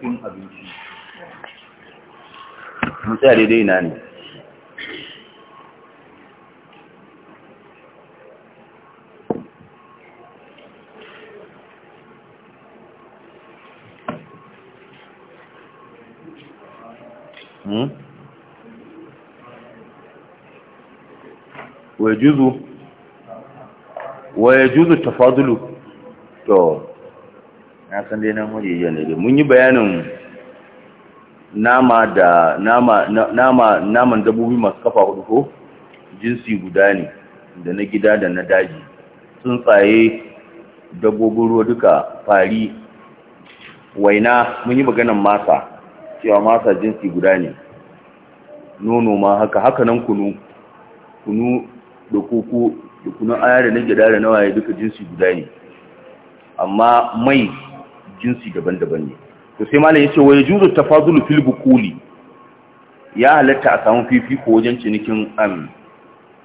cikin abinci misali dai na ne ويجوز ويجوز التفاضل تو na san dai namun jijiya ne da mun yi bayanin nama da nama nama naman dabbobi masu kafa hudu ko jinsi guda ne da na gida da na daji tsuntsaye dabbobin ruwa duka fari waina mun yi maganan masa cewa masa jinsi guda ne nono ma haka haka nan kunu kunu da koko da kunu aya da na gida da nawaye duka jinsi guda ne amma mai jinsi daban-daban ne to sai malam yace wa yajuzu tafadulu fil buquli ya halatta a samu fifiko wajen cinikin am um,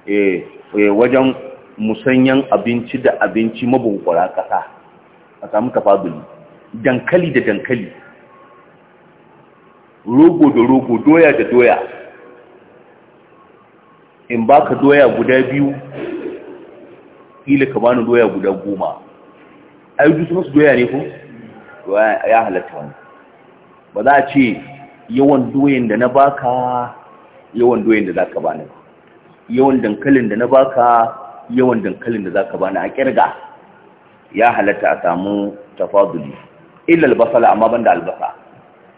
eh, eh wajen musanyan abinci da abinci mabunkura kasa a samu tafaduli dankali da dankali rogo da rogo doya da doya in baka doya guda biyu kila ka bani doya guda goma ai duk su doya ne ko to ya halatta wani ba za a ce yawan doyin da na baka yawan doyin da za ka bani yawan dankalin da na baka yawan dankalin da za ka bani a kirga ya halatta a samu tafaduli illa albasala amma banda albasa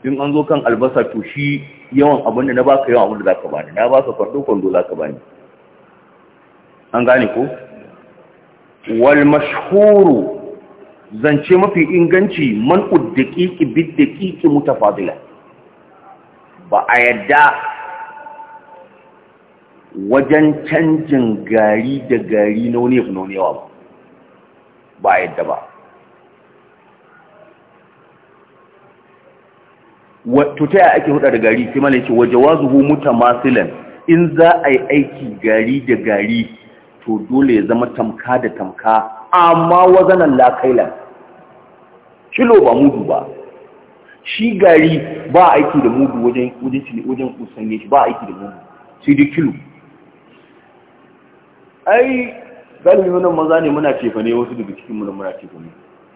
in an zo kan albasa to shi yawan abin da na baka yawan abin da za ka bani na baka kwando kwando za ka bani an gane ko wal mashhuru zance mafi inganci man uddaqiqi biddaqiqi mutafadila ba a yadda wajen canjin gari da gari na wani na wani yawa ba a yadda ba wato ta yaya ake huda da gari sai mana ce waje wazuhu mutamasilan in za a yi aiki gari da gari to dole ya zama tamka da tamka amma wazanan lakailan kilo ba mudu ba shi gari ba aiki da mudu wajen wajen kusanye shi ba aiki da mudu sai dai kilo ai galibi wannan maza ne muna cefa ne wasu daga cikin muna muna cefa ne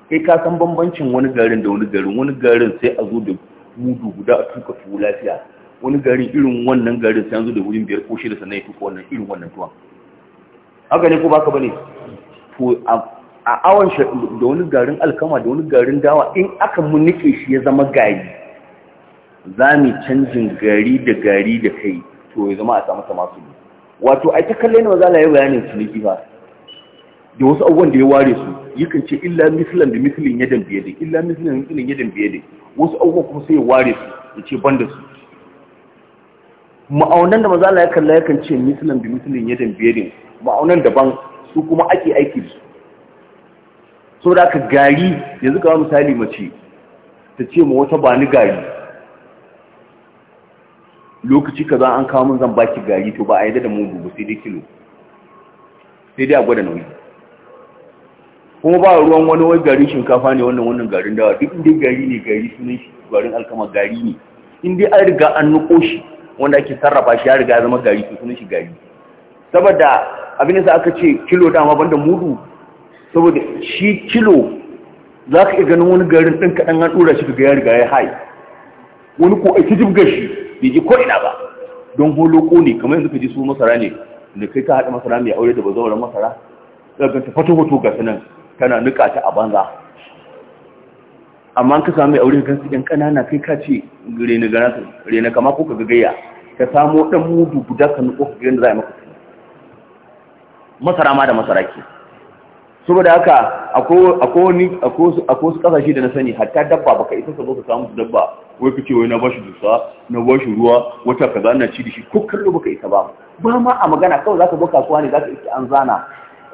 kai ka san bambancin wani garin da wani garin wani garin sai a zo da mudu guda a tuka tuwo lafiya wani garin irin wannan garin sai an zo da wurin biyar ko shida sannan ya tuka wannan irin wannan tuwon haka ne ko baka bane to a awon da wani garin alkama da wani garin dawa in aka munike shi ya zama gari za mu canjin gari da gari da kai to ya zama a samu sama su wato a ta kalle ne za la yi bayanin ciniki ba da wasu abubuwan da ya ware su yakan ce illa mislan da misilin ya dambiye da illa mislan da misilin ya dambiye da wasu abubuwan kuma sai ya ware su ya ce ban da su ma'aunan da maza la ya kalla yakan ce mislan da misilin ya dambiye da ma'aunan daban su kuma ake aiki su so da aka gari yanzu kama misali mace ta ce ma wata bani gari lokaci ka za an kawo min zan baki gari to ba a yi da mudu ba sai dai kilo sai dai a gwada nauyi kuma ba ruwan wani wai garin shinkafa ne wannan wannan garin dawa duk inda gari ne gari sunan shi garin alkama gari ne in dai an riga an nuko shi wanda ake sarrafa shi ya riga zama gari to sunan shi gari saboda abin da aka ce kilo dama banda mudu saboda shi kilo za ka iya ganin wani garin ɗin kaɗan an ɗora shi ga yari ga ya hai wani ko aiki jibgar shi bai ji ko ina ba don ko ne kamar yanzu ka ji su masara ne da kai ka haɗa masara mai aure da bazawar masara daga ganta fato-fato ga sanan tana nuka ta a banza amma ka samu aure gansu ɗan ƙanana kai ka ce rena kama ko ka gagaya ka samo ɗan mudu guda ka nuko ka gidan da za a maka masara ma da masara ke saboda haka akwai wasu kasashe da na sani hatta dabba baka isa ka zo ka samu dabba wai ka ce wai na bashi dusa na bashi ruwa wata kaza na ci da shi ko kallo baka isa ba ba ma a magana kawai zaka zo kasuwa ne zaka isa an zana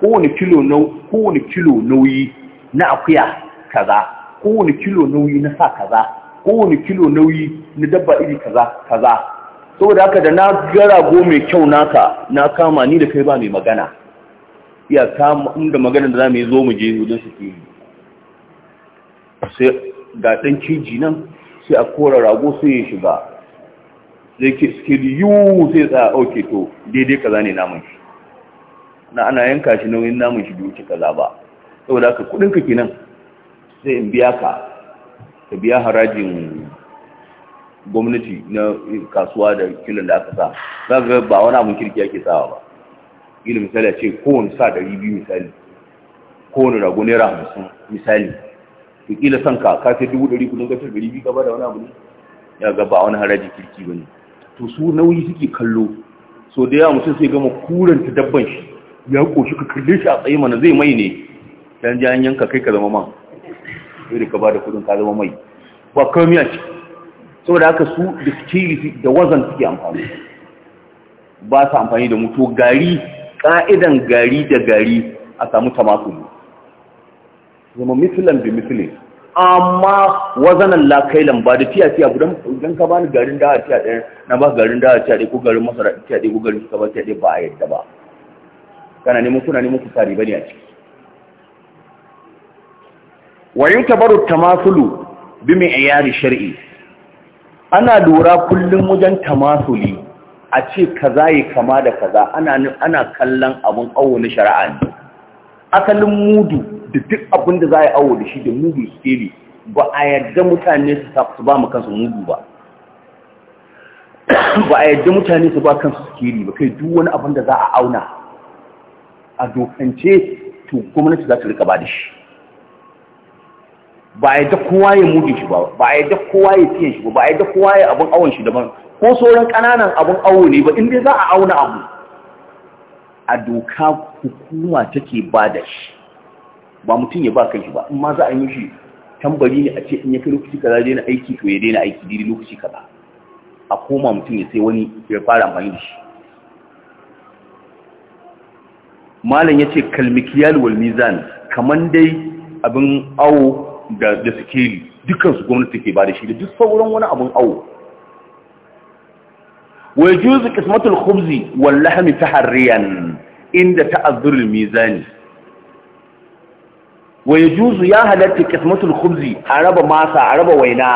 kowane kilo kowane kilo nauyi na akuya kaza kowane kilo nauyi na sa kaza kowane kilo nauyi na dabba iri kaza kaza saboda haka da na gara go mai kyau naka na kama ni da kai ba mai magana iya kama inda maganar da za mu yi zo mu je wajen su ke sai ga ɗan ciji nan sai a kora rago sai ya shiga sai ke yiwu sai tsaya auke to daidai kaza ne namun shi na ana yanka shi nauyin namun shi biyu kaza ba saboda ka kudinka kenan sai in biya ka ka biya harajin gwamnati na kasuwa da kilin da aka sa za ga ba wani abin kirki ake sawa ba ila misali a ce kowane sa ɗari biyu misali kowane rago naira hamsin misali to kila son ka ka sai dubu ɗari kudin gasar ɗari biyu gaba da wani abu ne ya ga ba wani haraji kirki ba ne to su nauyi suke kallo so da yawa mutum sai gama kuranta dabban shi ya koshi ka kalle shi a tsaye mana zai mai ne dan ji an yanka kai ka zama man sai da ka ba da kudin ka zama mai ba kawai miya ce saboda haka su da sikili da wazan suke amfani ba su amfani da mutu gari ka'idan gari da gari a samu tamasulu zama mitulan bi mitule amma wazanan lakailan ba da tiya gudan don ka bani garin da a tiya ɗaya na ba garin da a tiya ɗaya ko garin masara tiya ɗaya ko garin shugaba tiya ɗaya ba a yadda ba kana neman kuna neman ku ba bane a ciki wayin ta tamasulu bi mai yari shar'i ana lura kullum wajen tamasuli a ce kaza yi kama da kaza ana kallon abin awo na shari'a ne asalin mudu da duk abin da za a yi awo da shi da mudu ne ba a yarda mutane su ba mu kansu mudu ba ba a yarda mutane su ba kansu ne ba kai duk wani abin da za a auna a dokance to gwamnati za ta rika ba da shi ba a yadda kowa ya mudu shi ba ba a yadda kowa ya fiye shi ba ba a yadda kowa ya abin awon shi daban ko sauran ƙananan abun awo ne ba inda za a auna abu a doka hukuma take ba da shi ba mutum ya ba kan shi ba in za a yi shi tambari ne a ce in ya fi lokaci kaza daina aiki to ya daina aiki daidai lokaci kaza a koma mutum ya sai wani ya fara amfani da shi malam ya ce kalmikiyal wal mizan kaman dai abin awo da da sikeli dukkan su gwamnati take ba da shi da duk sauran wani abin awo wa yajuzu qismatul khubzi wal lahmi tahriyan inda mizani wa ya halatta qismatul khubzi a raba masa a raba waina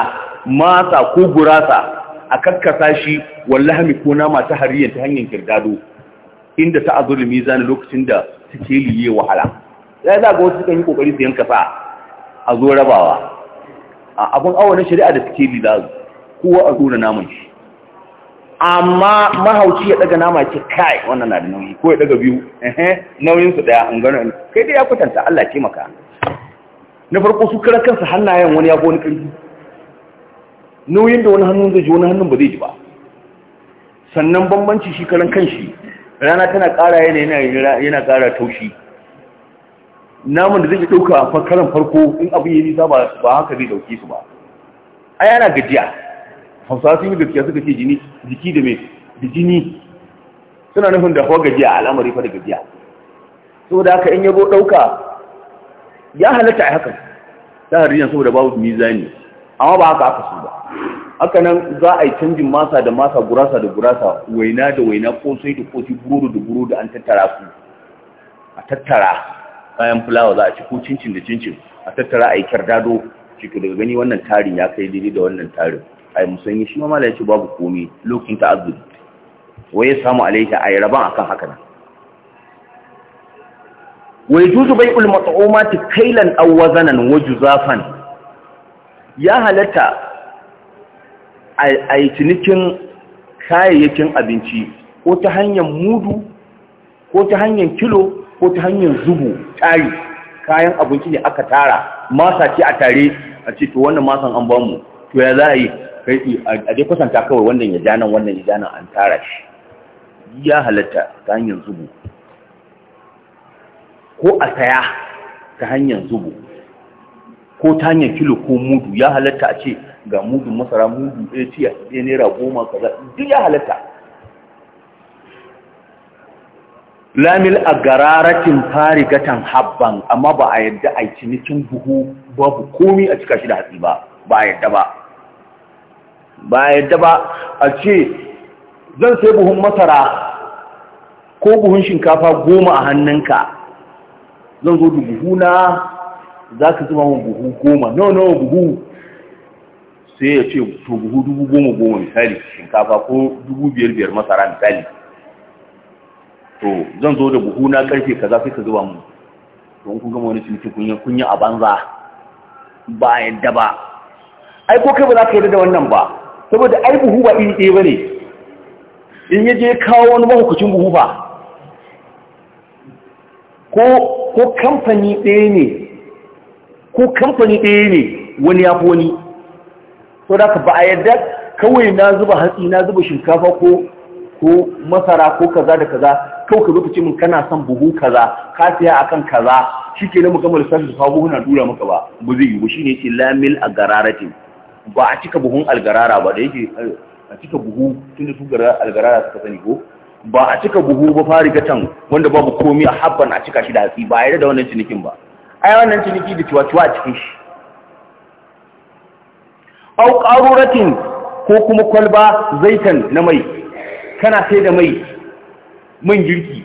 masa ko gurasa a kakkasa shi wal lahmi ko nama tahriyan ta hanyar kirdado inda ta'azzurul mizani lokacin da take liye wahala sai za ga wasu sukan yi kokari su yanka a zo rabawa abun awa na shari'a da suke lilazu kowa a zo naman shi amma mahauci ya daga nama ce kai wannan na da nauyi ko ya daga biyu nauyinsu daya an gano kai dai ya kwatanta Allah ce maka na farko su kira kansa hannayen wani ya wani ƙarfi nauyin da wani hannun zai ji wani hannun ba zai ji ba sannan bambanci shi karan kanshi rana tana ƙara yana yana ƙara taushi namun da zai ɗauka a karan farko in abu ya nisa ba haka zai ɗauke su ba ai yana gajiya hausa sun yi gaskiya suka ce jini jiki da mai da jini suna nufin da kuwa gajiya al'amari fa da gajiya da haka in yabo ɗauka ya halatta a hakan ta hariyar saboda babu mizani amma ba haka aka su ba haka nan za a yi canjin masa da masa gurasa da gurasa waina da waina kosai da kofi buru da buru da an tattara su a tattara kayan fulawa za a ci ko cincin da cincin a tattara a yi dado shi daga gani wannan tarin ya kai daidai da wannan tarin ai musanyi shi ma mala ya ce babu komai lokacin azumi. wai ya samu alaihi ai raban akan haka nan wai bai juzu bai'ul ta kailan aw waju wa ya halatta ai cinikin kayayyakin abinci ko ta hanyar mudu ko ta hanyar kilo ko ta hanyar zubu tari kayan abinci ne aka tara masa ce a tare a ce to wannan masan an bamu to ya za a yi kai a dai kwatanta kawai wannan ya janan wannan ya janan an tara shi ya halatta ta hanyar zubu ko a saya ta hanyar zubu ko ta hanyar kilo ko mudu ya halatta a ce ga mudu masara mudu ɗaya tiya ɗaya naira goma kaza duk ya halatta lamil a gararatin gatan habban amma ba a yadda a cinikin buhu babu komi a cika shi da hatsi ba ba a yadda ba ba yadda ba a ce zan sai buhun masara ko buhun shinkafa goma a hannunka zan zo da buhuna za ka zuba wa buhu goma no no buhu sai ya ce to buhu dubu goma goma misali shinkafa ko dubu biyar biyar masara misali to zan zo da buhu na karfe kaza sai ka zuba mu don kun gama wani cikin kunya kunya a banza ba yadda ba ai ko kai ba za ka yi da wannan ba saboda ai buhu ba iri ɗaya bane in ya je kawo wani mahukucin buhu ba ko kamfani ɗaya ne ko kamfani ɗaya ne wani ya wani so da ba a yadda kawai na zuba hatsi na zuba shinkafa ko ko masara ko kaza da kaza kawai ka zo ka ce min kana son buhu kaza ka siya akan kaza shikenan mu gama lissafi su kawo buhu na dura maka ba ba zai yi ba ne ce lamil a gararatin ba a cika buhun algarara ba da yake a cika buhu tun da su algarara suka sani ko ba a cika buhu ba fari gatan wanda babu komi a habban a cika shi da hatsi ba a yarda da wannan cinikin ba ai wannan ciniki da ciwa-ciwa a cikin shi au qaruratin ko kuma kwalba zaitan na mai kana sai da mai man girki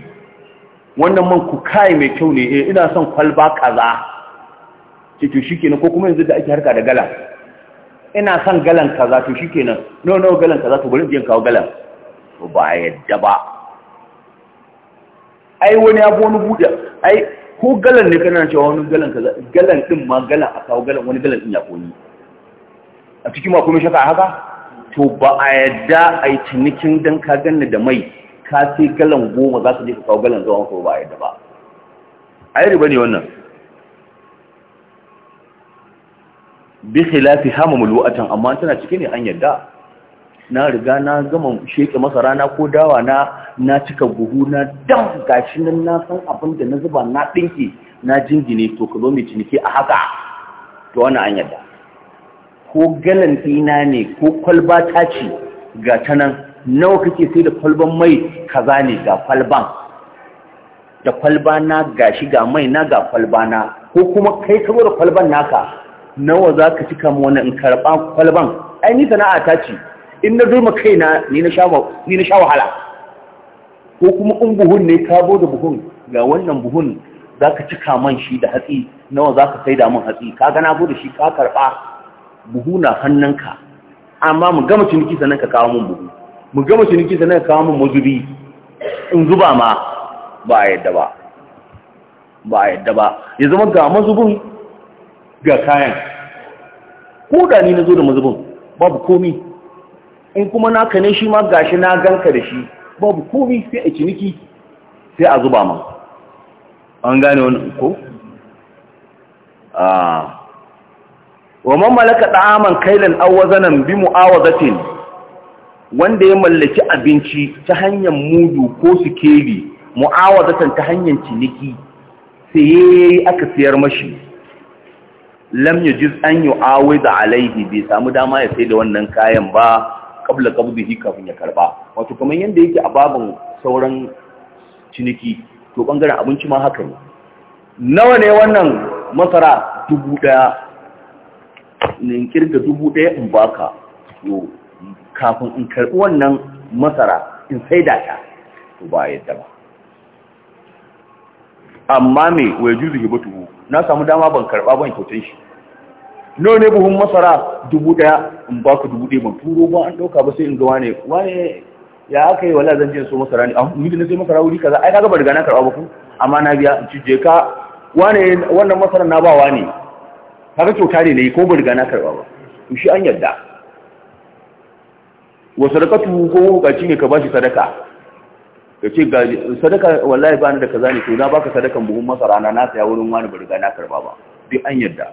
wannan man ku kai mai kyau ne eh ina son kwalba kaza ce to shikenan ko kuma yanzu da ake harka da gala ina son galan kaza to shikenan no no galan kaza to bari in kawo galan to ba yadda ba ai wani abu wani buɗe ai ko galan ne kana cewa wani galan kaza galan din ma galan a kawo galan wani galan din ya koyi a cikin ma kuma shaka haka to ba a yadda ai cinikin dan ka ganni da mai ka sai galan goma za ka je ka kawo galan zuwa ko ba a yadda ba ai riba ne wannan bi khilafi hamamul wa'atan amma tana cike ne an yadda na riga na gama sheke masa rana ko dawa na na cika buhu na dam gashi nan na san abin da na zuba na dinki na jingine to ka zo mai ciniki a haka to wannan an yadda ko galan dina ne ko kwalba ta ce ga ta nan nawa kake sai da kwalban mai kaza ne ga kwalban da kwalba na gashi ga mai na ga kwalba na ko kuma kai ka da kwalban naka nawa za ka cika mu wani in karɓa kwalban ai ni sana'a ta ce in na zo kaina ni na sha wahala ko kuma in buhun ne ka bo da buhun ga wannan buhun za ka cika man shi da hatsi nawa za ka saida man hatsi ka gana bo da shi ka karɓa buhu na hannunka amma mu gama ciniki sannan ka kawo mun buhu mu gama ciniki sannan ka kawo mun mazubi in zuba ma ba a yadda ba ba a yadda ba ya zama ga mazubin ga kayan ko da ni na zo da mazubin babu komi in kuma na kane shi ma gashi na ganka da shi babu komi sai a ciniki sai a zuba ma an gane wani ko? Ah. wa man malaka da'aman kailan awazanan bi mu'awazatin wanda ya mallaki abinci ta hanyar mudu ko sikeli mu'awazatan ta hanyar ciniki sai aka siyar mashi lam jiz an yu'awida alaihi bai samu dama ya sai da wannan kayan ba qabla qabdihi kafin ya karba wato kamar yanda yake a babin sauran ciniki to bangaren abinci ma haka ne nawa ne wannan masara dubu daya in kirga dubu daya in baka to kafin in karbi wannan masara in da ta to ba yadda ba amma me wajuzu hibatu na samu dama ban karɓa ban kyautar shi no ne buhun masara dubu daya in ba ka dubu daya ban turo ba an ɗauka ba sai in ga wane wane ya aka yi wala zan je so masara ne ah ni da na sai masara wuri kaza ai kaga ba riga na karɓa ba ku amma na biya in ci je ka wane wannan masara na ba wane kaga kyauta ne nayi ko ba riga na karɓa ba to shi an yadda wa sadaqatu ko bukaci ne ka bashi sadaka ka ce ga sadaka wallahi ba ni da kaza ne to na baka sadakan buhun masara na na saya wurin wani bariga na karba ba duk an yadda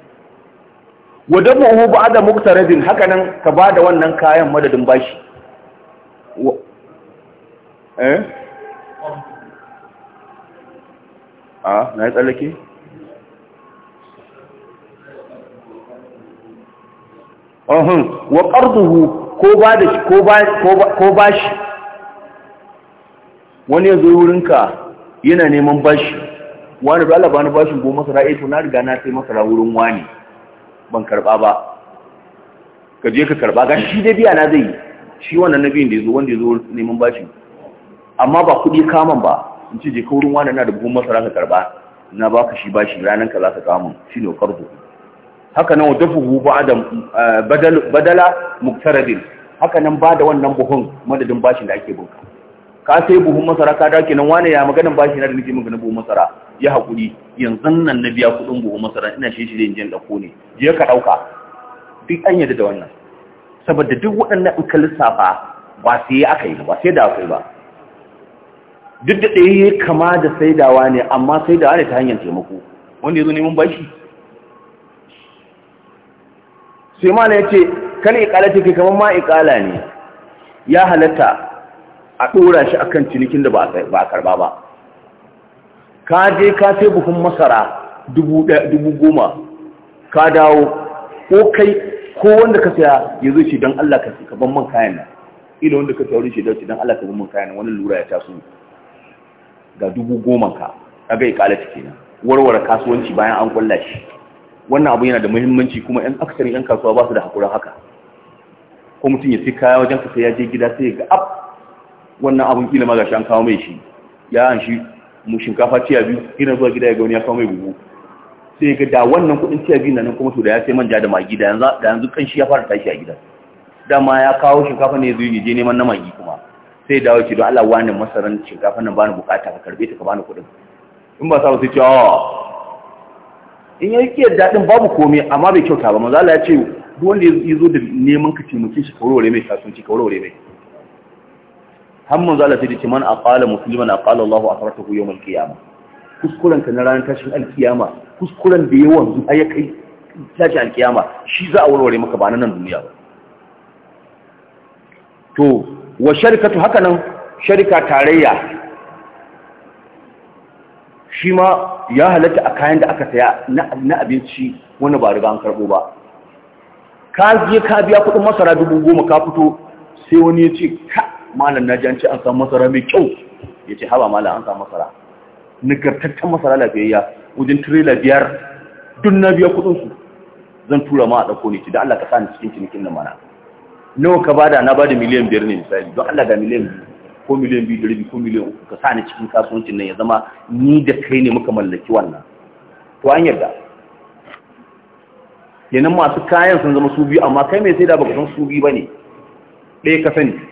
wadan mahu ba da muktaradin haka nan ka ba da wannan kayan madadin bashi eh ah na yi tsallake ohun wa ƙarduhu ko ba shi wani ya zo wurinka yana neman bashi wani da Allah ba ni bashin goma masara eh to na riga na sai masara wurin wani ban karba ba ka je ka karba ga shi dai biya na zai shi wannan nabiyin da zo wanda zo neman bashin amma ba kudi kaman ba in ce je ka wurin wani na da buhun masara ka karba na baka shi bashi ranan ka za ka kamun ne karbu haka nan wadafuhu ba'da eh, badal badala muktaradin haka nan ba da wannan buhun madadin bashin da ake bunka ka sai buhun masara ka dawo kenan wane ya maganin bashi na da nake maka na buhun masara ya haƙuri yanzu nan na biya kuɗin buhun masara ina shi shi jin ɗauko ne je ka ɗauka duk an yadda da wannan saboda duk waɗannan in ka lissafa ba sai aka yi ba sai da aka yi ba duk da ɗaya kama da saidawa ne amma saidawa ne ta hanyar taimako wanda ya zo neman bashi sai mana ya ce kan ikala ke kamar ma ikala ne ya halatta a ɗora shi kan cinikin da ba a karba ba ka je ka sai buhun masara dubu goma ka dawo ko kai ko wanda ka saya ya zo shi don Allah ka ka ban man kayan nan ila wanda ka saurin shi don shi don Allah ka ban man kayan nan wani lura ya taso ga dubu goma ka kaga ciki na warware kasuwanci bayan an kwalla shi wannan abu yana da muhimmanci kuma yan aksarin yan kasuwa ba su da hakurin haka ko mutum ya fi kaya wajen ka sai ya je gida sai ya ga ab wannan abun kila ma gashi an kawo mai shi ya an shi mu shinkafa tiya biyu gina zuwa gida ya ga wani ya kawo mai buhu sai ga da wannan kudin tiya biyu nan kuma to da ya sai manja da magi da yanzu da yanzu shi ya fara tashi a gida ma ya kawo shinkafa ne zuwa je neman na magi kuma sai dawo ce don Allah wani masaran shinkafa nan bani bukata ka karbe ta ka bani kudin in ba sa sai ce in ya yake daɗin babu komai amma bai kyauta ba manzo Allah ya ce duk wanda ya zo da neman ka taimake shi ka warware mai kasuwanci ka warware mai har manzo Allah sai da ce man aqala musliman aqala Allahu asratahu yawm al-qiyamah kuskuren ka na ranar tashin al-qiyama kuskuren da yawan zuwa ya kai tashin al-qiyama shi za a warware maka ba nan duniya ba to wa sharikatu haka nan sharika tarayya shi ma ya halatta a kayan da aka saya na abinci wani ba riga an karbo ba ka je ka biya kudin masara dubu goma ka fito sai wani ya ce ka malam na ji an ce an samu masara mai kyau ya ce haba malam an samu masara nagartaccen masara lafiyayya wajen tirela biyar dun na biya kudinsu zan tura ma a ɗauko ne ce da Allah ka sa ni cikin cinikin nan mana nawa ka bada na bada miliyan biyar ne misali don Allah ga miliyan biyu ko miliyan biyu da rabi ko miliyan uku ka sa ni cikin kasuwancin nan ya zama ni da kai ne muka mallaki wannan to an yarda kenan masu kayan sun zama su biyu amma kai mai sai da baka san su biyu bane ɗaya ka sani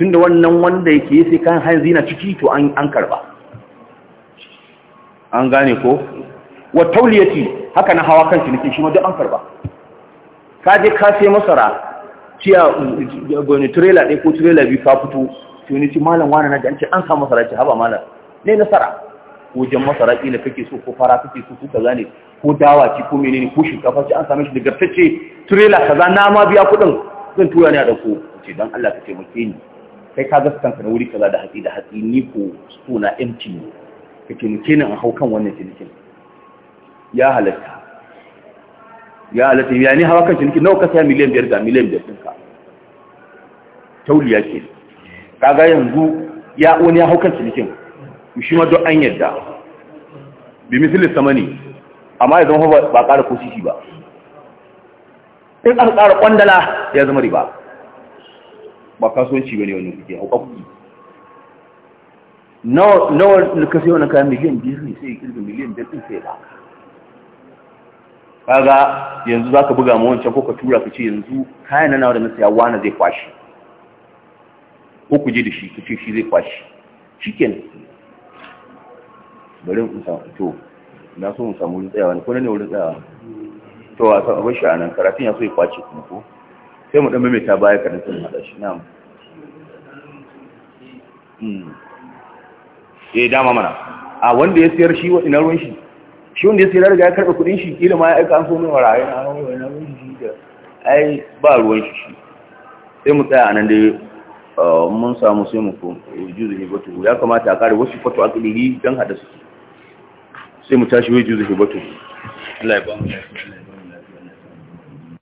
tunda wannan wanda yake sai kan hanzi na ciki to an karba an gane ko wa tauliyati haka na hawa kan ciniki shi ma duk an karba ka je ka sai masara ciya gwani trailer ɗaya ko trailer biyu ka fito tuni ci malam wani na da an samu masara ci haba malam ne nasara wajen masara ƙila kake so ko fara kake so kuka zane ko dawa ci ko menene ko shinkafa ci an same shi da gartacce trailer kaza na ma biya kuɗin zan tura ni a ɗauko ce don Allah ka taimake ni kai ka gasa kanka na wuri kaza da hatsi da hatsi ni ko suna empty ne ka taimake ni in hau kan wannan cinikin ya halatta ya halatta ya ni hawa kan cinikin nawa ka saya miliyan biyar ga miliyan biyar ɗinka tauliya ke kaga yanzu ya wani ya hau kan cinikin shi ma don an yadda bi misali samani amma ya zama ba ƙara ko shi ba in aka ƙara ƙwandala ya zama riba ba kasuwanci bane wannan kuke hauka kuɗi no ka sayo wannan kayan miliyan biyu ne sai kirga miliyan biyar sai ba kaga yanzu za ka buga ma wancan ko ka tura ka ce yanzu kayan nan nawa da na saya wani zai kwashi ko ku ji da shi ku ce shi zai kwashi shikenan bari mu samu to na so mu samu wurin tsayawa ne ko ne wurin tsayawa to a sabon shi a nan karatun ya so ya kwace kuma ko sai mu dan ta baya kadan sun hada shi na'am hmm. eh dama mana a wanda ya sayar shi wa inar ruwan shi shi wanda ya sayar riga ya karɓa kuɗin shi kila ma ya aika an so min waraye na hawo ina ruwan shi da ai ba ruwan shi shi sai mu tsaya anan dai uh, mun samu sai mu eh, juzu batu ya kamata a kare wasu fatu akilihi don hada su sai mu tashi wai juzu batu Allah ya ba mu